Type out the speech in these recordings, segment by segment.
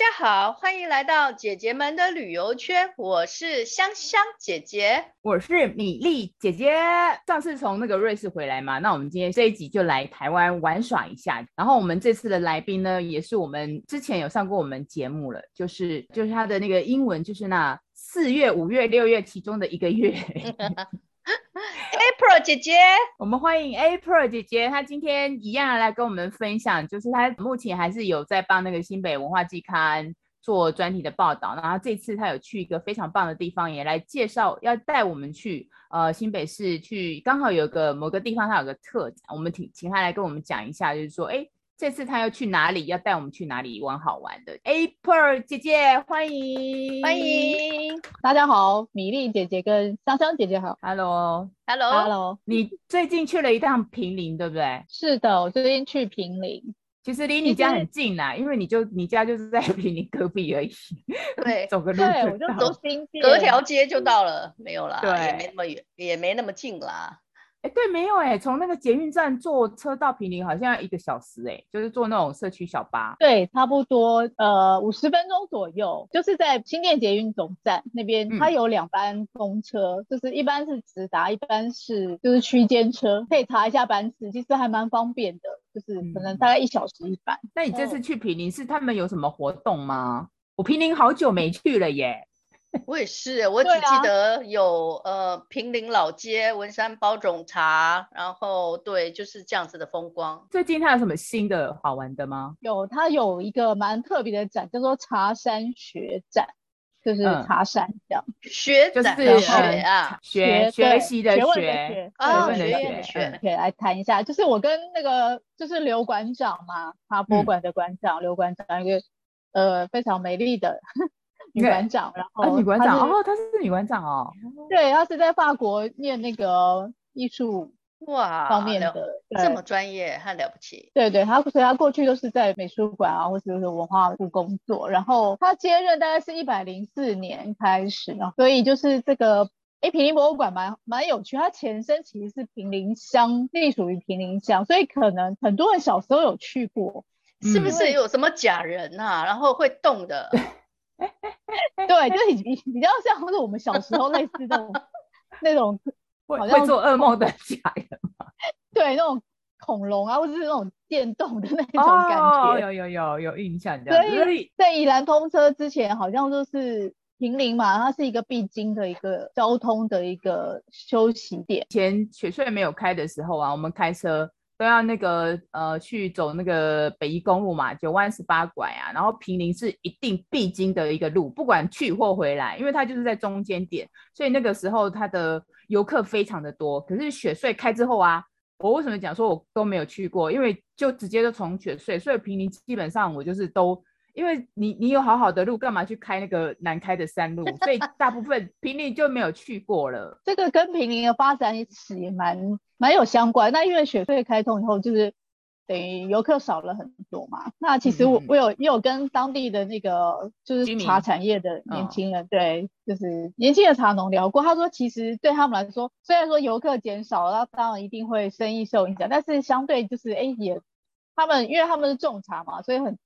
大家好，歡迎來到姐姐們的旅遊圈。我是香香姐姐，我是米粒姐姐。上次從那個瑞士回來嘛，那我們今天這一集就來台灣玩耍一下。然後我們這次的來賓呢，也是我們之前有上過我們節目了，就是就是他的那個英文，就是那四月、五月、六月其中的一個月。 April 姐姐，我們歡迎 April 姐姐。她今天一樣要來跟我們分享，就是她目前還是有在幫那個新北文化季刊做專題的報道。然後這次她有去一個非常棒的地方，也來介紹，要帶我們去呃新北市去，剛好有個某個地方，它有個特展，我們請請她來跟我們講一下，就是說，哎、欸。這次他要去哪裡？要帶我們去哪裡玩好玩的？April 姐姐，歡迎，歡迎。大家好，米粒姐姐跟香香姐姐好，Hello，Hello，Hello。Hello, Hello. 你最近去了一趟坪林對不對？是的，我最近去坪林。其實離你家很近啦天因為你就你家就是在坪林隔壁而已，對，走個路就到。對，我就走新隔條街就到了。沒有啦，對也沒那麼遠，也沒那麼近啦。哎、欸，對，沒有哎、欸，從那個捷運站坐車到坪林好像要一個小時、欸、就是坐那種社區小巴。對，差不多，呃，五十分鐘左右，就是在新店捷運總站那邊，嗯、它有兩班公車，就是一般是直達，一般是就是區間車，可以查一下班次，其實還蠻方便的，就是可能大概一小時一班。那、嗯、你這次去坪林、哦、是他們有什麼活動嗎？我坪林好久沒去了耶。我也是，我只記得有呃坪林老街、文山包種茶，然後對，就是這樣子的風光。最近它有什麼新的好玩的嗎？有，它有一個蠻特別的展，叫做茶山學展，就是茶山這樣學展，就是學啊學學習的學啊學問的學。可以來談一下，就是我跟那個就是劉館長嘛，茶博館的館長劉館長一個呃非常美麗的。Okay. 女館長，然後啊，女館長，哦，她是女館長哦，對，她是在法國念那個藝術畫方面的，對這麼專業很了不起，對對，她所以她過去都是在美術館啊或者是，是文化部工作，然後她接任大概是一百零四年開始啊，所以就是這個哎、欸，平林博物館蠻蠻有趣，她前身其實是平林鄉，隸屬於平林鄉，所以可能很多人小時候有去過，嗯、為是不是有什麼假人吶、啊，然後會動的？ 對，就比比較像是我們小時候類似那種 那種好像會，會做噩夢的假人嘛， 對，那種恐龍啊，或者是那種電動的那種感覺，oh, 有有有有印象。對，在宜蘭通車之前，好像就是坪林嘛，它是一個必經的一個交通的一個休息點。前雪隧沒有開的時候啊，我們開車。都要那個呃去走那個北宜公路嘛，九彎十八拐啊，然後坪林是一定必經的一個路，不管去或回來，因為它就是在中間點，所以那個時候它的遊客非常的多。可是雪隧開之後啊，我為什麼講說我都沒有去過？因為就直接就從雪隧，所以坪林基本上我就是都。因為你你有好好的路，幹嘛去開那個難開的山路？所以大部分平林就沒有去過了。 這個跟平林的發展也也蠻蠻有相關。那因為雪隧開通以後，就是等於遊客少了很多嘛。那其實我、嗯、我有也有跟當地的那個就是茶產業的年輕人，嗯、對，就是年輕的茶農聊過。他說，其實對他們來說，雖然說遊客減少了，那當然一定會生意受影響，但是相對就是哎、欸、也他們因為他們是種茶嘛，所以很。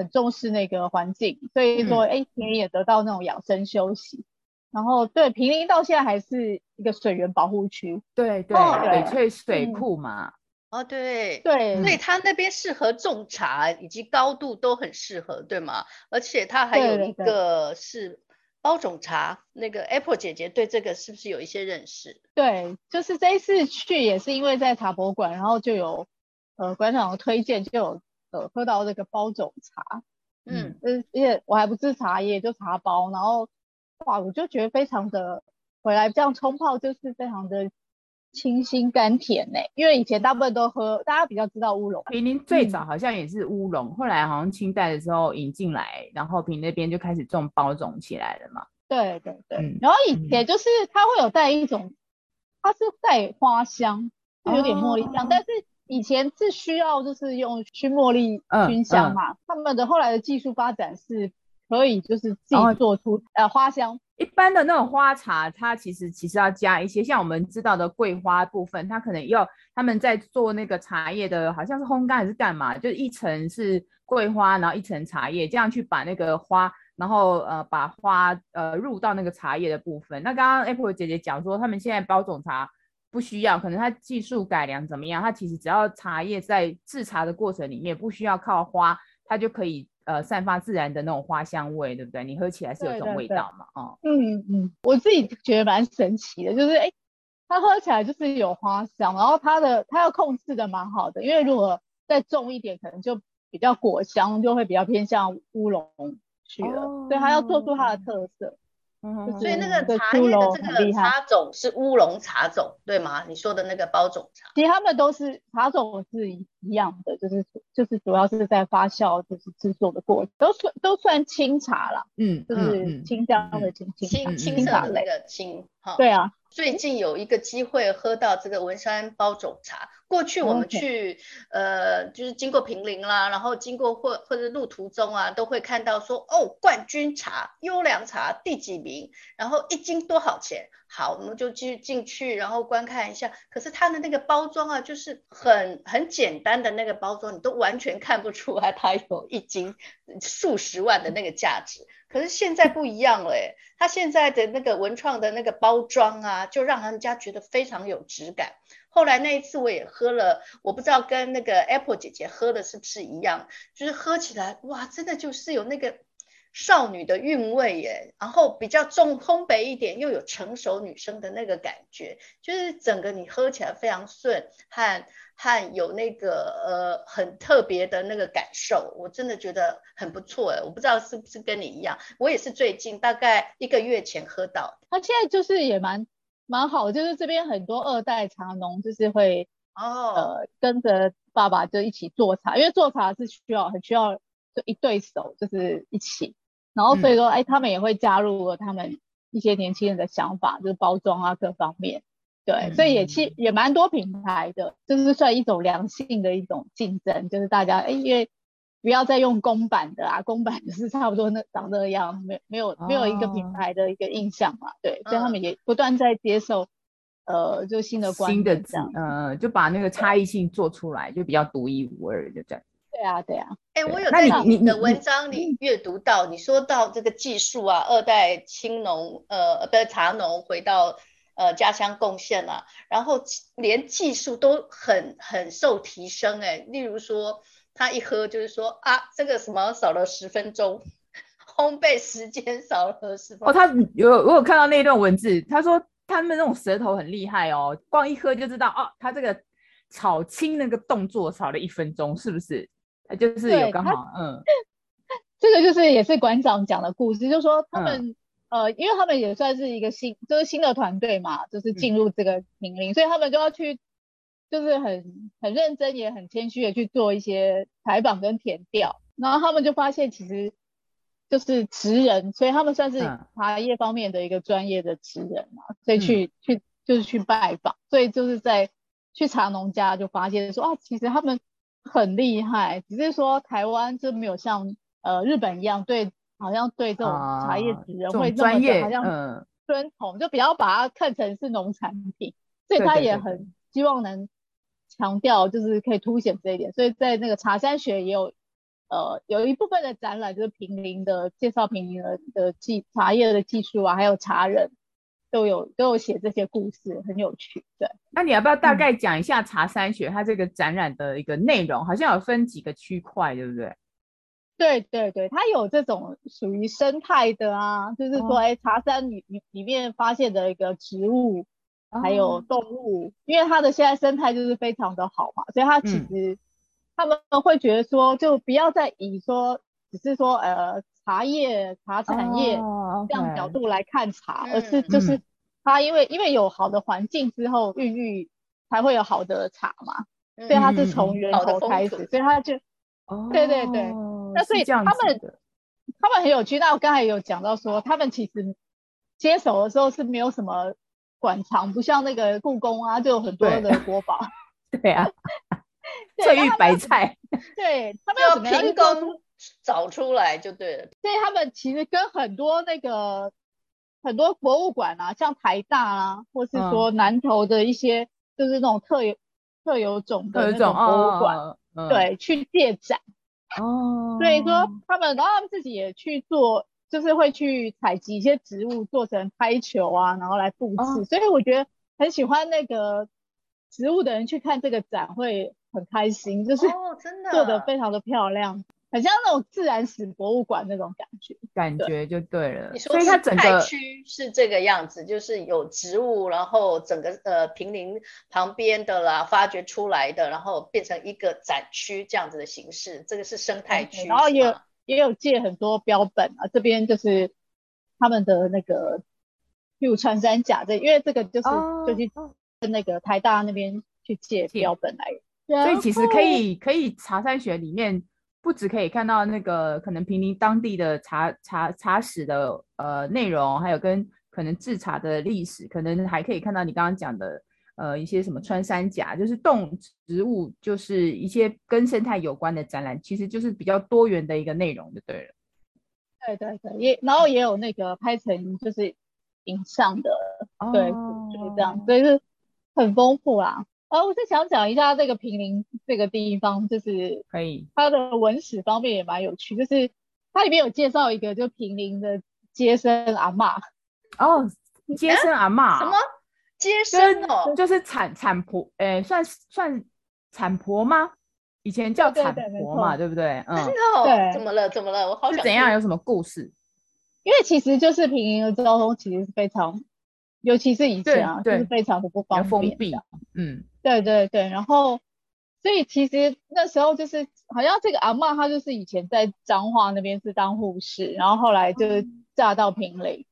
很重視那個環境，所以說，哎、欸，坪林也得到那種養生休息。嗯、然後，對坪林到現在還是一個水源保護區，對對。翡翠、哦、水庫嘛。嗯、哦，對對，嗯、所以它那邊適合種茶，以及高度都很適合，對嗎？而且它還有一個是包種茶，對對對，是包種茶。那個 April 姐姐對這個是不是有一些認識？對，就是這一次去也是因為在茶博館，然後就有呃館長的推薦，就有。呃，喝到這個包種茶，嗯，呃、嗯，而、就、且、是、我還不吃茶葉就茶包。然後哇，我就覺得非常的，回來這樣沖泡就是非常的清新甘甜呢、欸。因為以前大部分都喝，大家比較知道烏龍。坪林最早好像也是烏龍，嗯、後來好像清代的時候引進來，然後平那邊就開始種包種起來了嘛。對對對。嗯、然後以前就是它會有帶一種，它是帶花香，就、哦、有點茉莉香，但是。以前是需要就是用燻茉莉燻香嘛，嗯嗯、他們的後來的技術發展是可以就是自己做出，然後呃花香。一般的那種花茶，它其實其實要加一些，像我們知道的桂花的部分，它可能要他們在做那個茶葉的好像是烘乾還是幹嘛，就是一層是桂花，然後一層茶葉，這樣去把那個花，然後呃把花呃入到那個茶葉的部分。那剛剛 April 姐姐講說，他們現在包種茶。不需要，可能它技術改良怎麼樣？它其實只要茶葉在製茶的過程裡面，不需要靠花，它就可以呃散發自然的那種花香味，對不對？你喝起來是有這種味道嘛？啊，哦、嗯嗯，我自己覺得蠻神奇的，就是誒，它喝起來就是有花香，然後它的它要控制的蠻好的，因為如果再重一點，可能就比較果香，就會比較偏向烏龍去了，哦、所以它要做出它的特色。 所以那個茶葉的這個茶種是烏龍茶種， 對嗎？你說的那個包種茶，其實他們都是茶種是一樣的，就是就是主要是在發酵，就是制作的過程都，都算都算青茶啦，嗯，就是清香的青青青茶清清的那個青，哈，哦，對啊。最近有一個機會喝到這個文山包種茶。過去我們去，Okay. 呃，就是經過坪林啦，然後經過或或者路途中啊，都會看到說，哦，冠軍茶、優良茶第幾名，然後一斤多少錢？好，我們就去進去，然後觀看一下。可是它的那個包裝啊，就是很很簡單的那個包裝，你都完全看不出來它有一斤數十萬的那個價值。嗯可是現在不一樣了欸，他現在的那個文創的那個包裝啊，就讓人家覺得非常有質感。後來那一次我也喝了，我不知道跟那個 April 姐姐喝的是不是一樣，就是喝起來，哇，真的就是有那個。少女的韻味耶，然後比較重烘焙一點，又有成熟女生的那個感覺，就是整個你喝起來非常順，和和有那個呃很特別的那個感受，我真的覺得很不錯誒，我不知道是不是跟你一樣，我也是最近大概一個月前喝到，他現在就是也蠻蠻好，就是這邊很多二代茶農就是會哦，oh. 呃跟着爸爸就一起做茶，因為做茶是需要很需要就一對手，就是一起。然後所以說，嗯、哎，他們也會加入了他們一些年輕人的想法，就是包裝啊各方面，對，嗯、所以也其也蠻多品牌的，就是算一種良性的一種競爭，就是大家哎，因為不要再用公版的啊，公版就是差不多那長那樣，沒沒有沒有一個品牌的一個印象嘛，哦、對，所以他們也不斷在接受，呃，就新的觀念，新的，呃，就把那個差異性做出來，就比較獨一無二的這樣。對啊，對啊。哎、欸，我有在你的文章裡閱讀到，你，你，你說到這個技術啊，二代青農呃，不是茶農回到呃家鄉貢獻了、啊，然後連技術都很很受提升、欸。誒，例如說他一喝就是說啊，這個什麼少了十分鐘烘焙時間少了十分鐘。哦，他有我有看到那一段文字，他說他們那種舌頭很厲害哦，光一喝就知道哦，他這個炒青那個動作少了一分鐘是不是？就是有剛好，嗯，這個就是也是館長講的故事，就是說他們、嗯、呃，因為他們也算是一個新，就是新的團隊嘛，就是進入這個領域、嗯、所以他們就要去，就是很很認真，也很謙虛的去做一些採訪跟田調，然後他們就發現其實就是職人，所以他們算是茶葉方面的一個專業的職人嘛，嗯、所以去去就是去拜訪，所以就是在去茶農家就發現說啊，其實他們。很厲害，只是說台灣就沒有像呃日本一樣對，好像對這種茶葉職人會這麼、啊、這專業好像尊崇，嗯、就比較把它看成是農產品，所以他也很希望能強調，就是可以凸顯這一點。對對對對，所以在那個茶山學也有呃有一部分的展覽，就是坪林的介紹坪林的的技茶葉的技術啊，還有茶人。都有都有寫這些故事，很有趣。對，那你要不要大概講一下茶山學、嗯、它這個展覽的一個內容？好像有分幾個區塊，對不對？對對對，它有這種屬於生態的啊，就是說，哎、哦、欸，茶山裡裡面發現的一個植物，哦、還有動物，因為它的現在生態就是非常的好嘛，所以它其實、嗯、他們會覺得說，就不要再以說，只是說，呃，茶葉茶產業。哦這樣角度來看茶，okay 嗯、而是就是他因為、嗯、因為有好的環境之後孕育，才會有好的茶嘛。嗯、所以他是從源頭開始，所以他就，哦、對對對。那所以他們，這樣他們很有趣。那我剛才有講到說，他們其實接手的時候是沒有什麼館藏，不像那個故宮啊，就有很多的國寶。對, 對啊。翠 對玉白菜。對，他們要平耕。找出來就對了，所以他們其實跟很多那個很多博物館啊，像台大啊，或是說南投的一些、嗯、就是那種特有特有種的那種博物館，對，去借展。哦，所以說他們然後他們自己也去做，就是會去採集一些植物，做成拍球啊，然後來布置。哦、所以我覺得很喜歡那個植物的人去看這個展會很開心，就是做得非常的漂亮。哦很像那種自然史博物館那種感覺，感覺就對了。對，你說整個區是這個樣子，就是有植物，然後整個呃，坪林旁邊的啦，發掘出來的，然後變成一個展區這樣子的形式。這個是生態區、嗯、欸。然後也有、啊、也有借很多標本啊，這邊就是他們的那個，比如穿山甲這，因為這個就是、哦、就去跟那個台大那邊去借標本來。嗯、所以其實可以、嗯、可以茶山學裡面。不只可以看到那個可能坪林當地的茶茶茶史的呃內容，還有跟可能製茶的歷史，可能還可以看到你剛剛講的呃一些什麼穿山甲，嗯、就是動物植物，就是一些跟生態有關的展覽，其實就是比較多元的一個內容就對了。對對對，也然後也有那個拍成就是影像的，哦、對，就是這樣，所以是很豐富啦、啊。啊，我是想講一下這個坪林這個地方，就是可以，它的文史方面也蠻有趣，就是它裡面有介紹一個就坪林的接生阿嬤。哦，接生阿嬤。什麼、欸？接生哦？就是產產婆，誒、欸、算算產婆嗎？以前叫產婆嘛，對，對，對，對不對？嗯。哦？對。怎麼了？怎麼了？我好想怎樣？有什麼故事？因為其實就是坪林的交通其實是非常。尤其是以前啊，對對就是非常不不方便。封閉。嗯，對對對。然後，所以其實那時候就是，好像這個阿嬤她就是以前在彰化那邊是當護士，然後後來就嫁到坪林，嗯、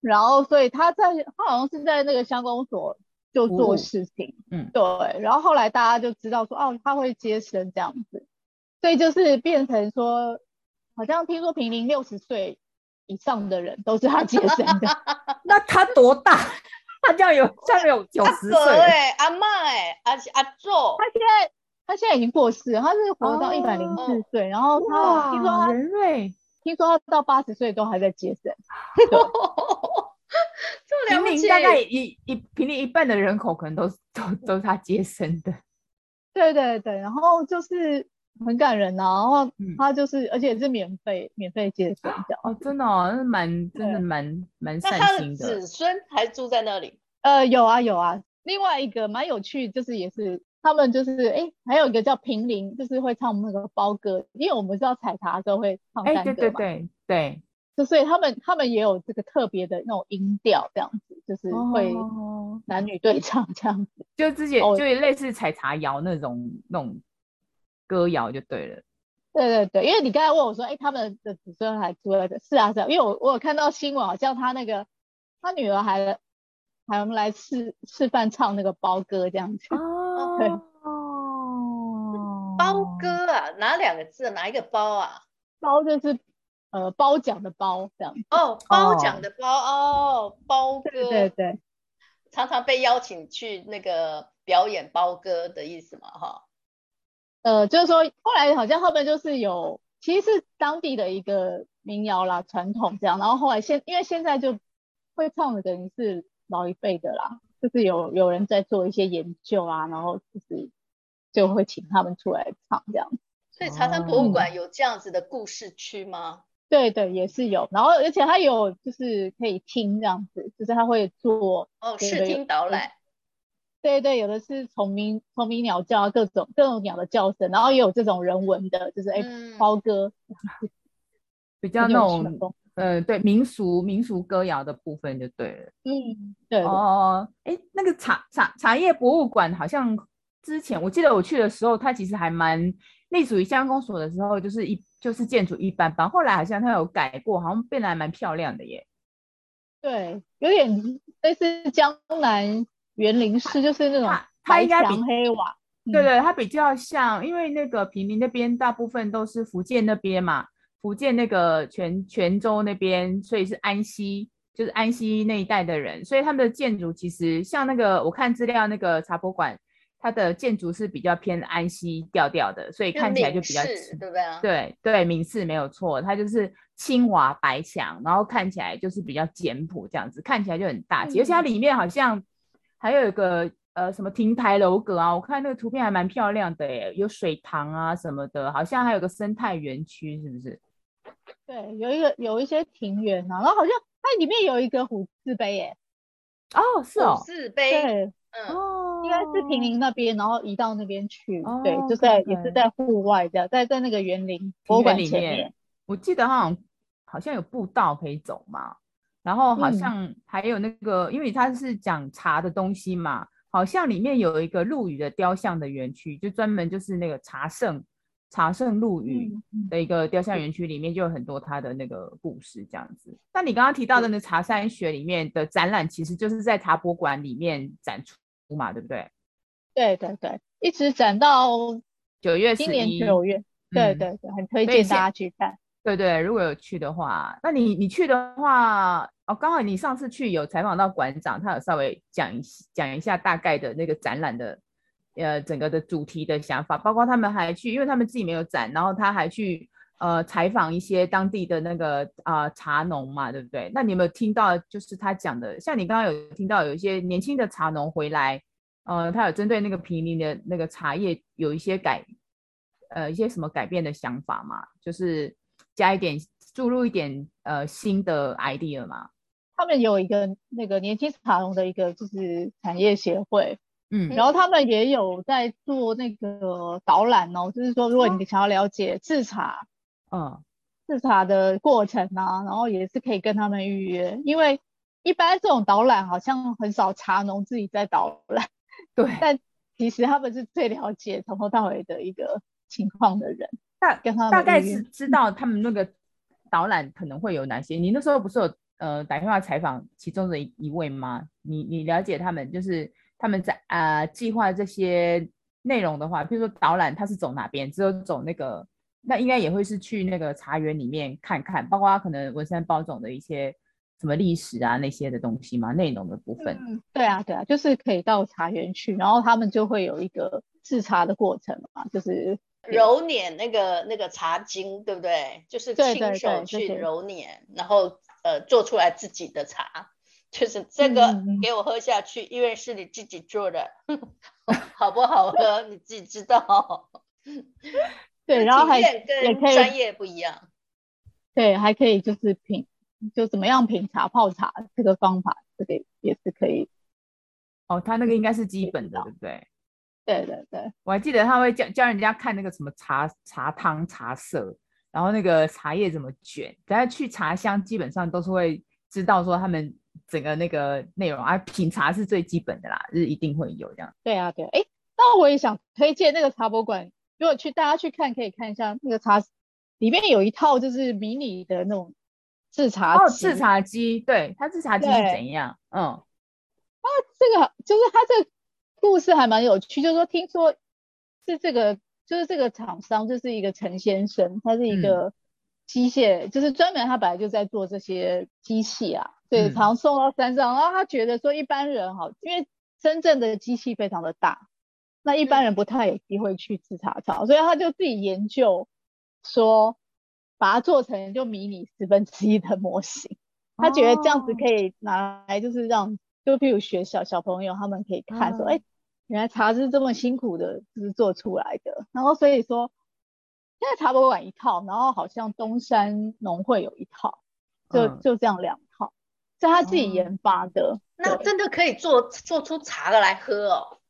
然後所以她在她好像是在那個鄉公所就做事情。嗯，對。然後後來大家就知道說，哦，她會接生這樣子，所以就是變成說，好像聽說坪林六十歲。以上的人都是他接生的。 那他多大？他叫有這有九十歲？哎、欸，阿嬤誒、欸，阿阿祖。他現在他現在已經過世了，他是活到一百零四歲，哦、然後他哇聽說他人類聽說他到八十歲都還在接生。哦、這麼了不起！坪林大概一一坪林一半的人口可能都都都是他接生的。對對對，然後就是。很感人吶、啊，然後他就是，嗯、而且也是免費免費介紹哦，真的，哦，那蠻真的蠻蠻對善心的。他的子孫還住在那裡？呃，有啊有啊。另外一個蠻有趣，就是也是他們就是哎、欸，還有一個叫坪林，就是會唱那個包歌，因為我們知道採茶都會唱山歌對、欸、對對對，對就所以他們他們也有這個特別的那種音調這樣子，就是會男女對唱這樣子，哦、就之前就類似採茶謠那種那種。那種歌謠就對了，對對對，因為你剛才問我說，哎、欸，他們的子孫還出來的？是啊，是啊，因為我我有看到新聞，好像他那個他女兒還還我們來示示範唱那個包歌這樣子哦，對，包歌啊，哪兩個字、啊？哪一個包啊？包就是呃包獎的包這樣哦，包獎的包哦，哦，包歌對，對對，常常被邀請去那個表演包歌的意思嘛，哈。呃，就是說，後來好像後面就是有，其實是當地的一個民謠啦，傳統這樣，然後後來現，因為現在就會唱的等於是老一輩的啦，就是有有人在做一些研究啊，然後就是就會請他們出來唱這樣。所以茶山博物館有這樣子的故事區嗎？嗯、對對，也是有，然後而且它有就是可以聽這樣子，就是它會做、那個、哦，視聽導覽。對對，有的是蟲鳴、蟲鳴鳥叫各種各種鳥的叫聲，然後也有這種人文的，就是哎，嗯、包歌，比較那種，嗯、 哦呃，對，民俗民俗歌謠的部分就對了。嗯，對，對。哦，哎，那個茶茶茶葉博物館好像之前我記得我去的時候，它其實還蠻隸屬於鄉公所的時候，就是一就是建築一般般。後，後來好像它有改過，好像變得還蠻漂亮的耶。對，有點類似江南。園林式就是那種，白牆應該比黑瓦，嗯、對對，它比較像，因為那個坪林那邊大部分都是福建那邊嘛，福建那個泉泉州那邊，所以是安溪，就是安溪那一帶的人，所以他們的建築其實像那個，我看資料那個茶博館，它的建築是比較偏安溪調調的，所以看起來就比較就對對，閩式沒有錯，它就是青瓦白牆，然後看起來就是比較簡樸這樣子，看起來就很大氣，嗯、而且它裡面好像，還有一個呃什麼亭台樓閣啊，我看那個圖片還蠻漂亮的哎，有水塘啊什麼的，好像還有個生態園區是不是？對，有一個有一些庭園啊，然後好像它裡面有一個虎字碑哎，哦是哦，虎字碑對，嗯、哦、應該是平林坪林那邊，然後移到那邊去，哦、對，就在 okay okay 也是在戶外這樣在在那個園林博物館前面，我記得好像好像有步道可以走嘛。然後好像還有那個，嗯、因為他是講茶的東西嘛，好像裡面有一個陸羽的雕像的園區，就專門就是那個茶聖茶聖陸羽的一個雕像園區，裡面就有很多他的那個故事這樣子。那、嗯、你剛剛提到的那茶山學裡面的展覽，其實就是在茶博館裡面展出嘛，對不對？對對對，一直展到九月，月，今年九月。對對對，很推薦對大家去看。對對，如果有去的話，那你你去的話，哦，剛好你上次去有採訪到館長，他有稍微講一講一下大概的那個展覽的，呃，整個的主題的想法，包括他們還去，因為他們自己沒有展，然後他還去呃採訪一些當地的那個啊、呃、茶農嘛，對不對？那你有沒有聽到，就是他講的，像你剛剛有聽到有一些年輕的茶農回來，嗯、呃，他有針對那個坪林的那個茶葉有一些改，呃，一些什麼改變的想法嘛，就是。加一點注入一點呃新的 idea 嘛，他們有一個那個年輕茶農的一個就是產業協會，嗯，然後他們也有在做那個導覽哦，嗯、就是說如果你想要了解製茶，嗯、哦，製茶的過程啊，然後也是可以跟他們預約，因為一般這種導覽好像很少茶農自己在導覽，對，但其實他們是最了解從頭到尾的一個。情況的人大，跟他運運大概是知道他們那個導覽可能會有哪些。你那時候不是有呃打電話採訪其中的一,一位嗎？你你了解他們，就是他們在啊、呃、計劃這些內容的話，譬如說導覽他是走哪邊，只有走那個，那應該也會是去那個茶園裡面看看，包括可能文山包種的一些什麼歷史啊那些的東西嘛，內容的部分。嗯，對啊，對啊，就是可以到茶園去，然後他們就會有一個制茶的過程嘛，就是。揉捻那個那個茶菁，對不對？就是親手去揉捻，對對對，謝謝。然後呃做出來自己的茶，就是這個給我喝下去，嗯、因為是你自己做的， 好不好喝你自己知道。 對，然後還也可以跟專業不一樣。對，還可以就是品，就怎麼樣品茶、泡茶這個方法，這個也是可以。哦，他那個應該是基本的，對不、嗯、對？對對對，我還記得他會教教人家看那個什麼茶茶湯茶色，然後那個茶葉怎麼捲。等下去茶鄉，基本上都是會知道說他們整個那個內容啊，品茶是最基本的啦，就是一定會有這樣。對啊，對啊，哎，那我也想推薦那個茶博館，如果去大家去看，可以看一下那個茶裡面有一套就是迷你的那種製茶機。哦，製茶機，對，它製茶機是怎樣？對嗯，啊，這個就是它這個。故事還蠻有趣，就是說，聽說是這個，就是這個廠商，就是一個陳先生，他是一個機械，嗯、就是專門他本來就在做這些機器啊，嗯、對，常，常送到山上，然後他覺得說一般人哈，因為真正的機器非常的大，那一般人不太有機會去製茶廠，對所以他就自己研究說把它做成就迷你十分之一的模型，他覺得這樣子可以拿來就是讓。哦就譬如學校小朋友他們可以看說，哎、嗯欸，原來茶是這麼辛苦的製作出來的。然後所以說，現在茶博物館一套，然後好像東山農會有一套，就、嗯、就這樣兩套，是他自己研發的。嗯、對那真的可以做做出茶的來喝哦，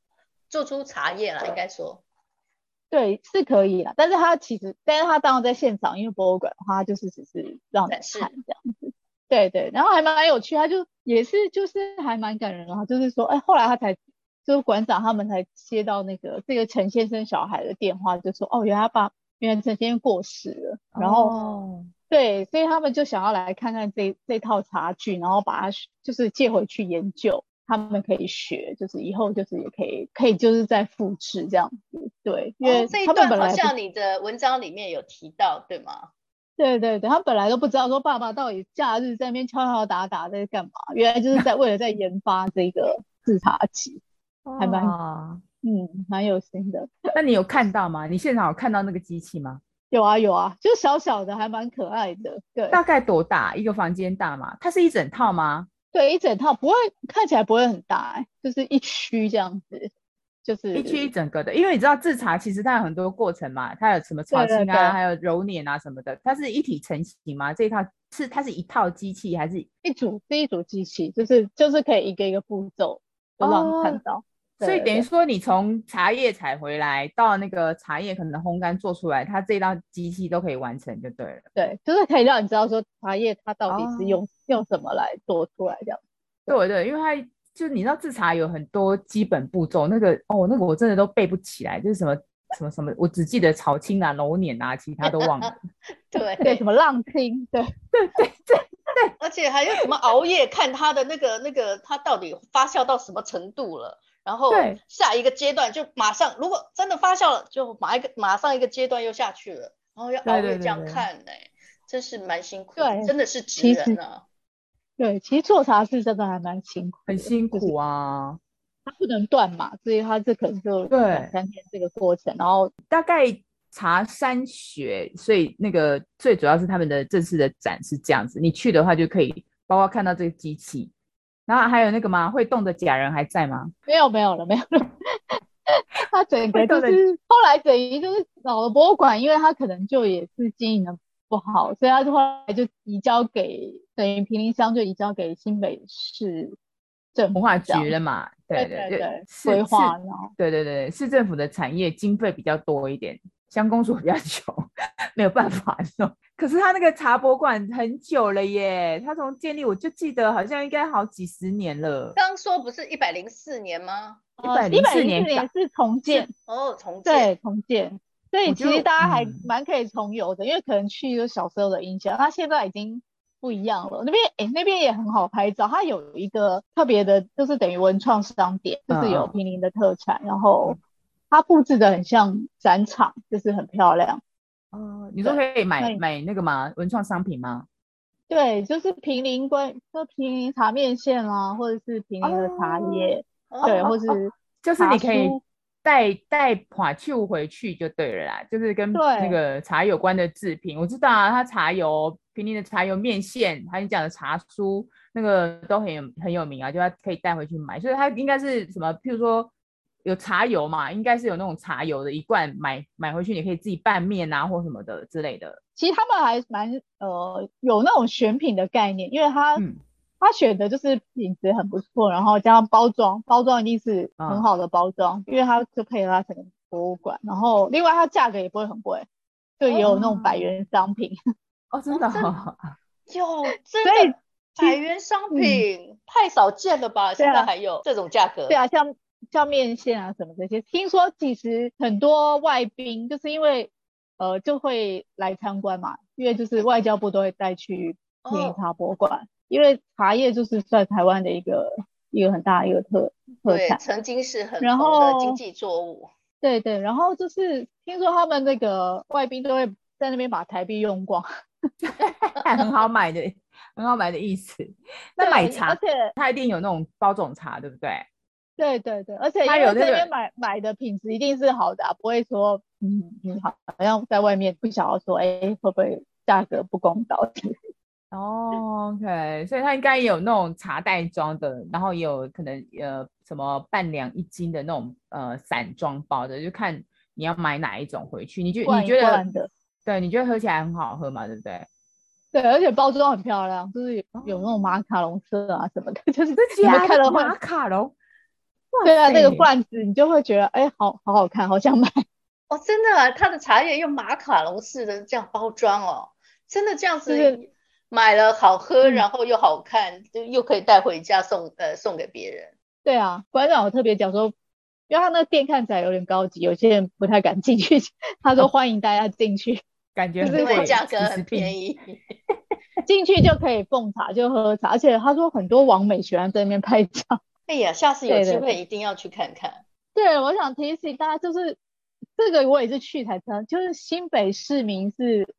做出茶葉了。對應該說，對是可以啦，但是他其實但是他當然在現場，因為博物館的話他就是只是讓你看這樣子。對對，然後還蠻有趣，他就也是就是還蠻感人，啊，的話就是說，哎，後來他才就是館長他們才接到那個這個陳先生小孩的電話，就說哦，原來他爸，原來陳先生過世了，然後，哦，對，所以他們就想要來看看這這套茶具，然後把它就是借回去研究，他們可以學，就是以後就是也可以可以就是再複製這樣子，對，因為不，哦，這一段好像你的文章裡面有提到，對嗎？對對對，他本來都不知道說爸爸到底假日在那邊敲敲打打在幹嘛，原來就是在為了在研發這個製茶機，還蠻，哦、嗯，蠻有心的。那你有看到嗎？你現場有看到那個機器嗎？有啊有啊，就小小的，還蠻可愛的。對，大概多大？一個房間大嗎？它是一整套嗎？對，一整套，不會看起來不會很大，欸，就是一區這樣子。就是一區一整個的，因為你知道製茶其實它有很多過程嘛，它有什麼炒青啊，對對，還有揉捻啊什麼的，它是一體成型嘛。這一套是它是一套機器，還是一組，是一組機器，就是就是可以一個一個步驟、哦、都讓你看到。對對，所以等於說你從茶葉採回來，到那個茶葉可能烘乾做出來，它這一套機器都可以完成就對了。對，就是可以讓你知道說茶葉它到底是用、哦、用什麼來做出來這樣。對對，對，因為它。就你知道，製茶有很多基本步驟，那個哦，那個我真的都背不起來，就是什麼什麼什麼，我只記得炒青啊、揉捻啊，其他都忘了。 對 對，什麼浪青，對對對對，對而且還有什麼熬夜 看它的那個那個，它到底發酵到什麼程度了？然後下一個階段就馬上，對如果真的發酵了，就馬一個馬上一個階段又下去了，然後要熬夜這樣看呢、欸，對對對對真是蠻辛苦，對真的是氣人了、啊。對，其實做茶是真的還蠻辛苦，很辛苦啊。他不能斷嘛，所以他這可能就兩三天這個過程。對然後大概茶山學，所以那個最主要是他們的正式的展是這樣子，你去的話就可以包括看到這個機器，然後還有那個嘛會動的假人還在嗎？沒有沒有了沒有了，有了 他整個就是後來等於就是老的博物館，因為他可能就也是經營了。不好，所以他就後來就移交給等於坪林鄉，就移交給新北市政府文化局了嘛。對對對，規劃了。對對對，市政府的產業經費比較多一點，鄉公所比較窮， 沒有辦法說。 可是他那個茶博館很久了耶，他從建立我就記得好像應該好幾十年了。剛說不是一百零四年嗎？一百零四年是重建？是哦，重建對，重建。對，所以其實大家還蠻可以重遊的，嗯、因為可能去一個小時候的印象，它現在已經不一樣了。那邊哎、欸，那邊也很好拍照，它有一個特別的，就是等於文創商店，就是有坪林的特產，嗯、然後它佈置的很像展場，就是很漂亮。嗯、你都可以買對買那個嗎？文創商品嗎？對，就是坪林關，就是、坪林茶面線啊，或者是坪林的茶葉，啊、對，啊、或是就是你可以。帶帶伴手回去就對了啦，就是跟那個茶有關的製品。對我知道啊，他茶油，坪林的茶油麵線，還有你講的茶酥，那個都很有很有名啊，就他可以帶回去買。所以他應該是什麼？譬如說有茶油嘛，應該是有那種茶油的一罐，買，買買回去你可以自己拌麵啊，或什麼的之類的。其實他們還蠻呃有那種選品的概念，因為他、嗯。他選的就是品質很不錯，然後加上包裝，包裝一定是很好的包裝，嗯、因為它就配了它整個博物館。然後另外它價格也不會很貴，就也有那種百元商品哦，哦，真的、哦、這有真的百元商品以、嗯、太少見了吧？啊、現在還有這種價格？對啊，像像麵線啊什麼這些，聽說其實很多外賓就是因為呃就會來參觀嘛，因為就是外交部都會帶去坪林茶博物館。哦因為茶葉就是在台灣的一個一個很大的一個特對特產，曾經是很然後經濟作物。對對，然後就是聽說他們那個外賓都會在那邊把台幣用光， 很好買的， 很好買的意思。那對買茶，而且他一定有那種包種茶，對不對？對對對，而且在那他有這邊買買的品質一定是好的、啊，不會說嗯好,好像在外面不曉得說哎會不會價格不公道。哦，OK，所以它應該有那種茶袋裝的，然後也有可能呃什麼半兩一斤的那種呃散裝包的，就看你要買哪一種回去。你覺得你覺得對，你覺得罐罐你喝起來很好喝嘛？對不對？對，而且包裝很漂亮，就是有，有那種馬卡龍色啊什麼的，就是你看了馬卡龍，對啊，那個罐子你就會覺得哎、欸，好好好看，好想買哦。真的、啊，它的茶葉用馬卡龍式的這樣包裝哦，真的這樣子是。買了好喝，然後又好看，就、嗯、又可以帶回家送呃送給別人。對啊，館長我特別講說，因為他那個店看起來有點高級，有些人不太敢進去。 他說歡迎大家進去，感覺就是價說格很便宜，進去就可以奉茶就喝茶，而且他說很多網美喜歡在那邊拍照。哎呀，下次有機會的一定要去看看。對，我想提醒大家，就是這個我也是去才知道，就是新北市民是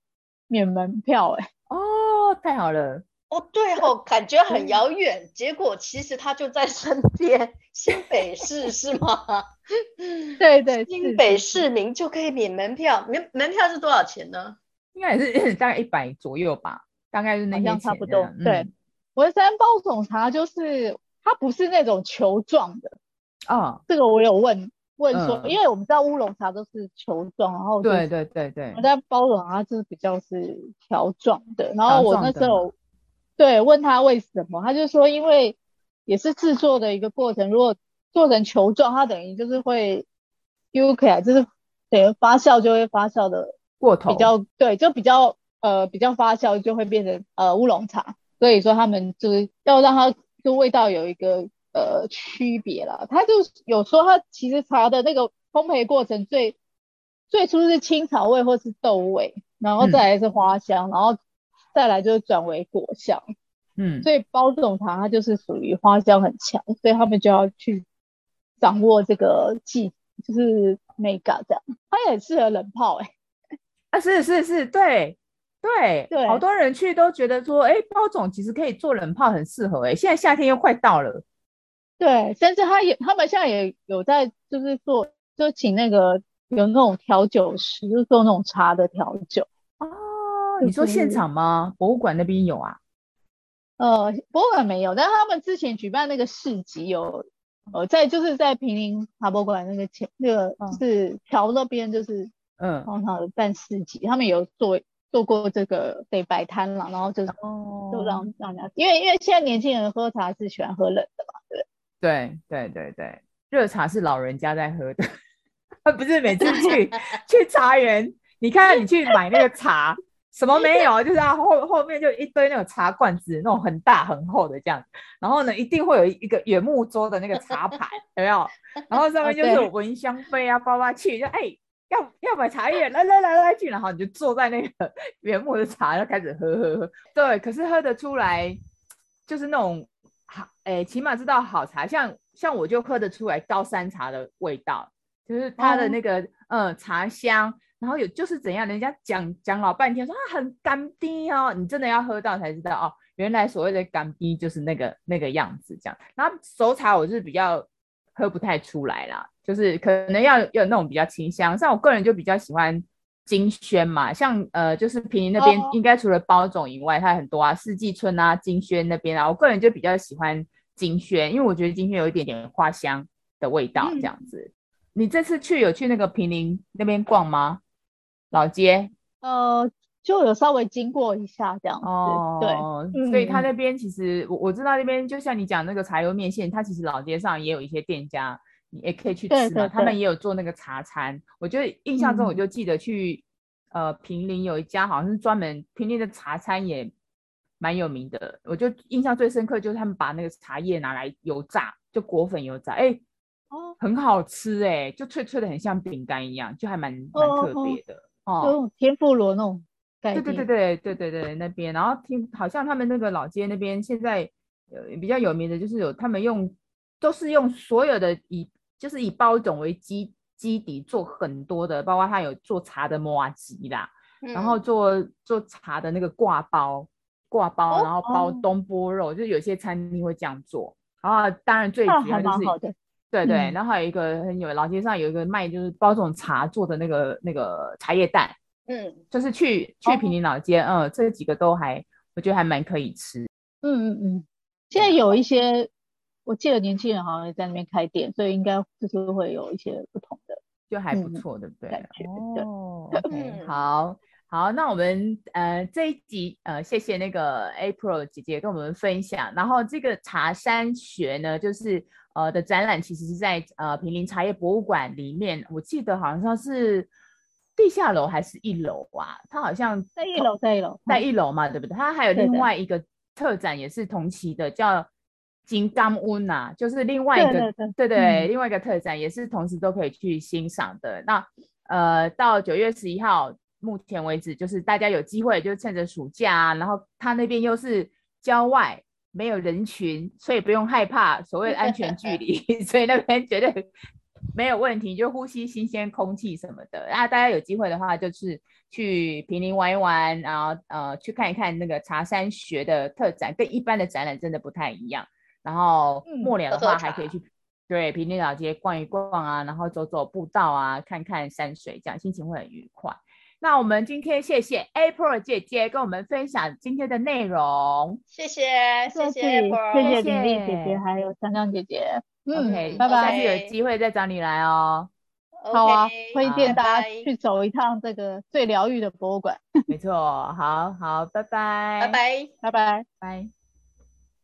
免門票哎、欸、哦。 太好了哦，對哦，感覺很遙遠，嗯、結果其實他就在身邊。新北市 是嗎？ 對對，新北市民就可以免門票，門門票是多少錢呢？應該也是，該是大概一百左右吧，大概是那樣差不多。嗯、對，文山包種茶就是它，不是那種球狀的啊，哦、這個我有問。問說，因為我們知道烏龍茶都是球狀，嗯、然後、就是、對對對對，我們在包種它就是比較是條狀的，然後我那時候對問他為什麼，他就說因為也是制作的一個過程，如果做成球狀，它等於就是會 U K 啊，就是等於發酵就會發酵的過頭，比較對就比較呃比較發酵就會變成呃烏龍茶，所以說他們就是要讓它就味道有一個。呃，區別啦，他就有說他其實茶的那個烘焙過程最最初是青草味或是豆味，然後再來是花香，嗯、然後再來就是轉為果香，嗯，所以包種茶它就是屬於花香很強，所以他們就要去掌握這個技，就是那個樣。它也很適合冷泡、欸，哎，啊，是是是，對對對，對好多人去都覺得說，哎、欸，包種其實可以做冷泡，很適合、欸，哎，現在夏天又快到了。對，甚至他也，他們現在也有在，就是做，就請那個有那種調酒師，就是、做那種茶的調酒啊。哦，就是、你說現場嗎？博物館那邊有啊？呃，博物館沒有，但他們之前舉辦那個市集有，呃，在就是在坪林茶博館那個前那個、就是橋那邊，就是嗯，然的辦市集，他們有做做過這個，對，擺攤了，然後就是就讓、哦、讓人家，因為因為現在年輕人喝茶是喜歡喝冷。對對對對，熱茶是老人家在喝的，他 不是每次去 去茶園，你看你去買那個茶， 什麼沒有？就是啊，後後面就一堆那種茶罐子，那種很大很厚的這樣。然後呢，一定會有一個原木桌的那個茶盤， 有沒有？然後上面就是聞香杯啊，包啊器，就哎要要買茶葉，來來來來去，然後你就坐在那個原木的茶，就開始喝喝喝。對，可是喝得出來，就是那種。好，哎、欸，起碼知道好茶，像像我就喝得出來高山茶的味道，就是它的那個嗯，嗯茶香，然後有就是怎樣，人家講講老半天說啊很甘甜哦，你真的要喝到才知道哦，原來所謂的甘甜就是那個那個樣子這樣。然後熟茶我是比較喝不太出來啦，就是可能要要那種比較清香，像我個人就比較喜歡。金萱嘛，像呃，就是坪林那邊，oh. 應該除了包種以外，它很多啊，四季春啊，金萱那邊啊，我個人就比較喜歡金萱，因為我覺得金萱有一點點花香的味道，這樣子。嗯、你這次去有去那個坪林那邊逛嗎？嗯、老街？呃，uh, 就有稍微經過一下這樣子。Oh. 對，所以他那邊其實、嗯、我我知道那邊，就像你講那個茶油面線，他其實老街上也有一些店家。你也可以去吃嘛，對對對，他們也有做那個茶餐。我就印象中我就記得去、嗯、呃坪林有一家，好像是專門坪林的茶餐，也蠻有名的。我就印象最深刻就是他們把那個茶葉拿來油炸，就裹粉油炸，哎、欸、哦，很好吃哎、欸，就脆脆的，很像餅乾一樣，就還蠻蠻特別的哦、哦。哦天婦羅那種，對對、對對對對對對對，那邊。然後聽好像他們那個老街那邊現在呃比較有名的就是有他們用都是用所有的以。就是以包種為基基底做很多的，包括他有做茶的麻糬啦，嗯、然後做做茶的那個掛包掛包，哦、然後包東坡肉，哦、就是有些餐廳會這樣做。啊，當然最絕的就是，對、啊、對。對對嗯、然後還有一個很有老街上有一個賣就是包這種茶做的那個那個茶葉蛋，嗯，就是去、嗯、去坪林老街，嗯，這幾個都還，我覺得還蠻可以吃。嗯嗯嗯，現在有一些。我記得年輕人好像也在那邊開店，所以應該就是會有一些不同的，就還不錯，對不、嗯、對？感覺哦，對 okay, 好好，那我們呃這一集呃謝謝那個 April 姐姐跟我們分享，然後這個茶山學呢，就是呃的展覽其實是在呃坪林茶葉博物館裡面，我記得好像是地下樓還是一樓啊？它好像在一樓，在一樓，在一樓嘛，嗯、對不對？它還有另外一個特展也是同期的，的叫。金剛屋吶，就是另外一個，對對,對,對,對，另外一個特展，也是同時都可以去欣賞的。那呃，到九月十一號，目前為止，就是大家有機會，就趁着暑假啊，然後他那邊又是郊外，沒有人群，所以不用害怕所謂的安全距離， 所以那邊絕對沒有問題，就呼吸新鮮空氣什麼的。啊，大家有機會的話，就是去坪林玩一玩，然後呃，去看一看那個茶山學的特展，跟一般的展覽真的不太一樣。然後末年的話，還可以去對坪林老街逛一逛啊，然後走走步道啊，看看山水，這樣心情會很愉快。那我們今天謝謝 April 姐姐跟我們分享今天的內容，謝謝謝謝 April，謝謝麗麗姐姐，還有香香姐姐，嗯，拜拜，下次有機會再找你來哦。好啊，推薦大家去走一趟這個最療癒的博物館。沒錯，好好，拜，拜拜，拜拜，拜。